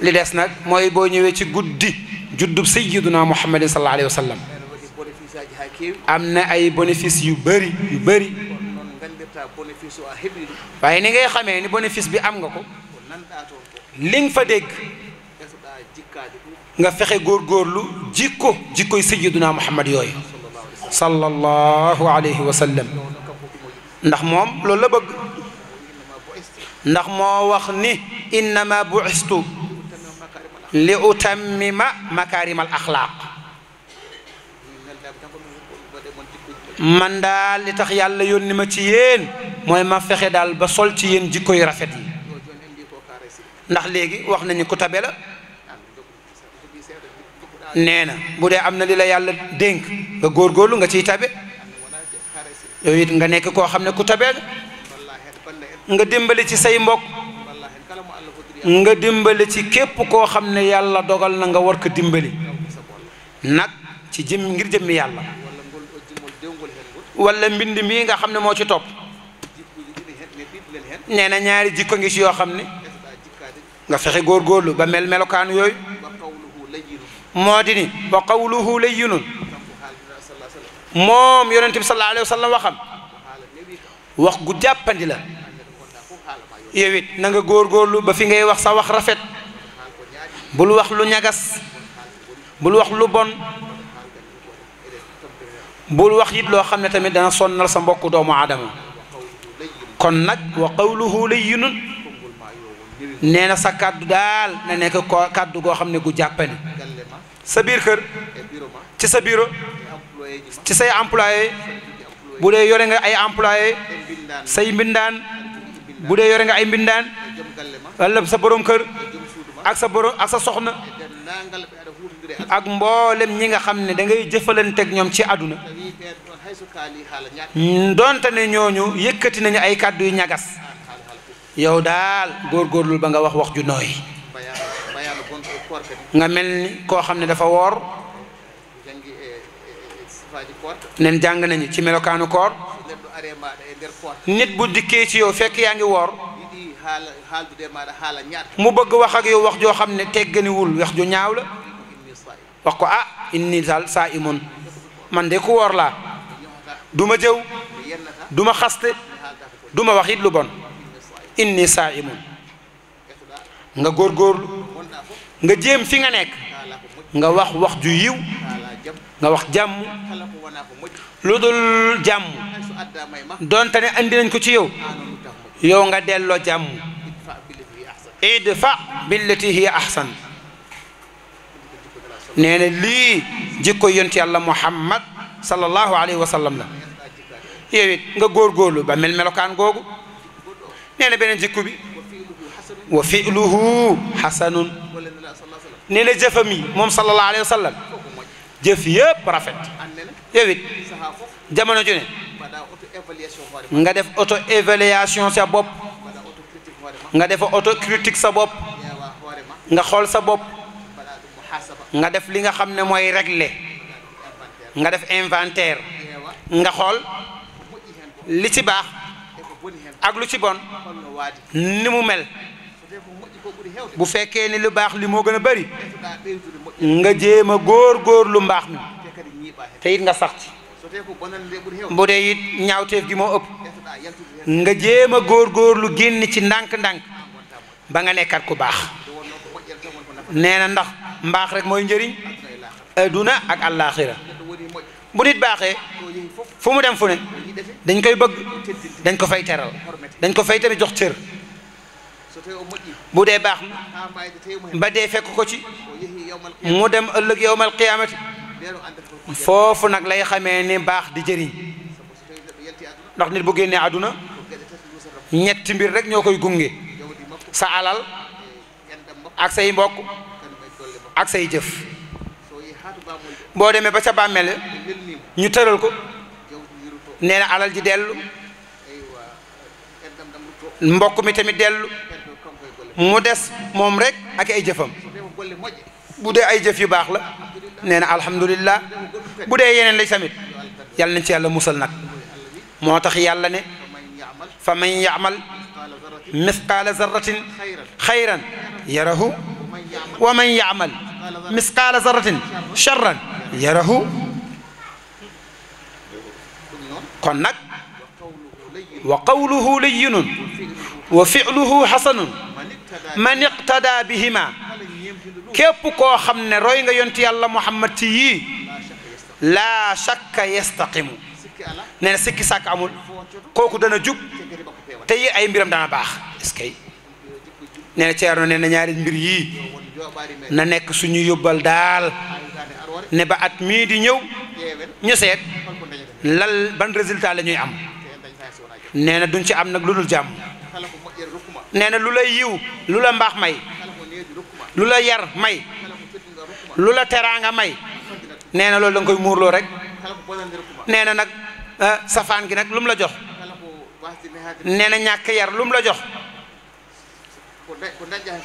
للاسناد ماي بوني وجه جودي جودب سيدنا محمد صلى الله عليه وسلم أمنا أي بونيفيس يبري يبري فاين غير خامه بونيفيس بأمغكو لين فدق نفخ غور غورلو جيكو جيكو سيدنا محمد يوي صلى الله عليه وسلم نحمم لولا بق ndax mo wax ni inma bu'istu li utammima makarimal akhlaq man dal li tax yàlla yónni ma ci yéen moy ma fexe dal ba sol ci yéen jikko yi rafet yi ndax legi wax nañu ku tabela neena budé amna lila yàlla dénk ba gor gorlu nga ci tabe yow it nga nek ko xamné ku tabe nga dimbali ci say mbokk nga dimbali ci képp koo xam ne yàlla dogal na nga war ko dimbali nag ci jëm ngir jëmmi yàlla wala mbind mii nga xam ne moo ci topp nee na ñaari jikko ngi si yoo xam ne nga fexe góorgóorlu ba mel melokaan yooyu moo di ni wa qawluhu layyinun moom yonente bi sallallahu alayhi wa sallam wax gu jàppandi la yow it na nga góorgóorlu ba fi ngay wax sa wax rafet bul wax lu ñagas bul wax lu bon bul wax it loo xam ne tamit dana sonnal sa mbokku doomu aadama kon nag wa qawluhu layyinun nee na sa kàddu daal na nekk ko kàddu goo xam ne gu jàppani sa biir kër ci sa bureau ci say employé bu dee yore nga ay employé say mbindaan bu dee yore nga ay mbindaan walla sa boroom kër ak sa borom ak sa soxna ak mboolem ñi nga xam ne dangay jëfalanteeg ñoom ci àdduna donte ne ñooñu yëkkati nañu ay kàddu yu ñagas yow daal góor góorgóorlul ba nga wax wax ju nooy nga mel ni koo xam ne dafa woor nen jàng nañu ci melokaanu koor nit bu dikkee ci yow fekk yaa ngi woor mu bëgg wax ak yow wax joo xam ne tegganiwul wax ju ñaaw la wax ko ah inni saa imun man de ku woor laa du ma jëw du ma xaste duma ma wax it lu bon inni saa imun nga góorgóorlu nga jéem fi nga nekk nga wax wax ju yiw nga wax jàmm lu dul jàmm doon ne andi nañ ko ci yow yow nga delloo jàmm idfa billati hiya ahsan nee lii jikko yonent yàlla muhammad sallallahu alayhi wa sallam la yow nga góor góorlu ba mel melokaan googu nee na beneen jikko bi wa filuhu hasanun nee na moom sallallahu alayhi wa jëf yëpp rafet yow it ne nga def auto évaluation sa bop nga def autocritique sa bop nga xol sa bop nga def li nga xam moy régler nga def inventaire nga xol li ci bax ak lu ci bon ni mu mel bu fekkee ni lu bax li mo gëna bari nga jéem gor gor lu mbax ni te nga sax ci bu dee it ñaawteef gi moo ëpp nga jéem a góorgóorlu génn ci ndànk-ndànk ba nga nekkat ku baax nee na ndax mbaax rek mooy njëriñ adduna ak àllaaxira bu nit baaxee fu mu dem fu ne dañ koy bëgg dañ ko fay teral dañ ko fay tamit jox cër bu dee baax ba dee fekk ko ci mu dem ëllëg yowmal qiyaamati foofu nag lay xamee ni baax di jëriñ ndax nit bu génnee àdduna ñetti mbir rek ñoo koy gunge sa alal ak say mbokk ak say jëf boo demee ba ca bàmmeel ñu tëral ko nee na alal ji dellu mbokk mi tamit dellu mu des moom rek ak ay jëfam bu dee ay jëf yu baax la نين الحمد لله بودي ينن لي سميت يال نان الله موسل نك موتاخ يالا ني فمن يعمل مثقال ذره خيرا يره ومن يعمل مثقال ذره شرا يره كون نك وقوله لين وفعله حسن من اقتدى بهما képp ko xamne roy nga yonti yalla muhammad yi la shakka yastaqim ne na sikki sak amul koku dana jub te yi ay mbiram dana bax eskay ne na na ñaari mbir yi na nek suñu yobal dal ne ba at mi di ñew ñu set lal ban resultat la am nee na duñ ci am nak luddul jam jàmm na lu yiw lula mbax may lu la yar may lu la teraanga may nee na loolu da nga koy muurloo rek nee na nag eh, safaan gi nag lu mu la jox nee na ñàkk yar lu mu la jox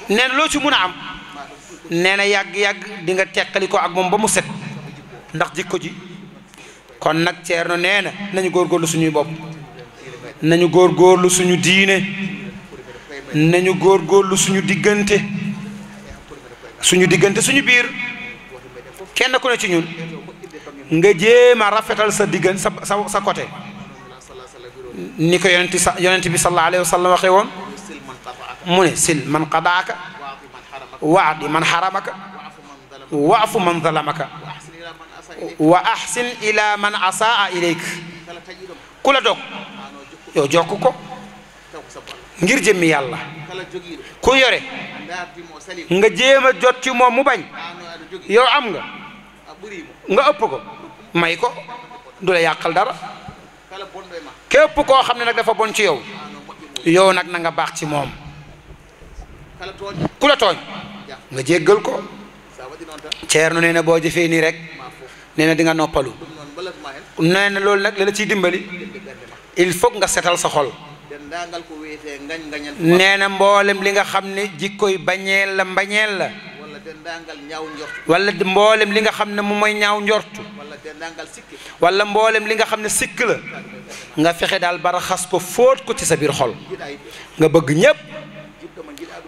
nee na loo ci mun a am nee na yàgg-yàgg dinga nga teqali ko ak moom ba mu set ndax jikko ji kon nag ceer Ceerno nee na nañu góor góorgóorlu suñuy bopp nañu góorlu suñu diine nañu góorlu suñu diggante suñu digënté suñu biir kenn ku ne ci ñun nga jéem rafetal sa digën sa sa côté ni ko yonenti yonenti bi sallallahu alayhi wasallam waxe won woon sil man qadaaka wa'd man haramaka wa'fu man zalamaka wa ahsin ila man asaa ilayk kula dok yo jokko ngir jëmmi yalla ku yore nga jéem jot ci mom mu bañ yow am nga nga upp ko may ko du la yàqal dara kepp ko xam nak dafa bon ci yow yow nak na nga bax ci mom kula togn nga jéggal ko cher neena bo jëfé ni rek neena di nga noppalu neena nak la ci dimbali il faut nga setal sa xol nee na mboolem li nga xam jikko yi bañeel la mbañeel la wala mboolem li nga xam mu moy ñaaw ndortu wala mboolem li nga xam ne la nga fexé dal ba ko fóot ko ci sa bir xol nga bëgg ñépp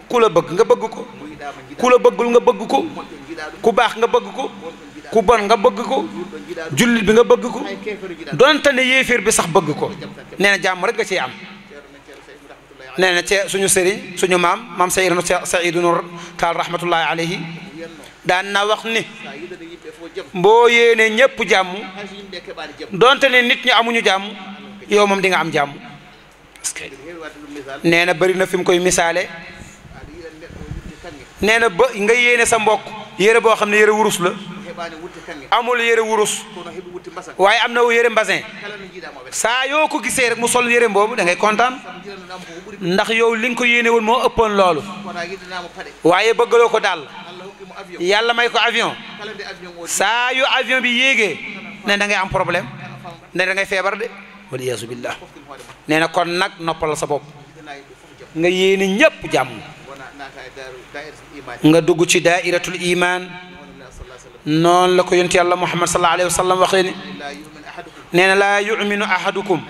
ku la bëgg nga bëgg ko ku bëggul nga bëgg ko ku bax nga bëgg ko ku bon nga bëgg ko jullit bi nga bëgg ko don tane yéfer bi sax bëgg ko néna jamm rek ga ci am nee na cee suñu sëriñ suñu maam maam saydunu saidu nur taal rahmatullahi alayhi daan na wax ni boo yéene ñépp jàmm donte ne nit ñi amuñu jàmm yow moom di nga am jàmm nee na bëri na fi mu koy misaale nee na nga yéene sa mbokk yére boo xam ne yére wurus la amul yére wurus waaye am na yére mbasin saa yoo ko gisee rek mu sol yére boobu da ngay kontaan ndax yow li ko yéene woon moo ëppoon loolu waaye bëggaloo ko daal yàlla may ko avion saa yu avion bi yéegee ne da ngay am problème ne da ngay feebar de wala yaasu billah nee na kon nag noppal sa bopp nga yéene ñépp jàmm nga dugg daa'iratul imaan نون لكو ينتي الله محمد صلى الله عليه وسلم وخيني نين لا يؤمن أحدكم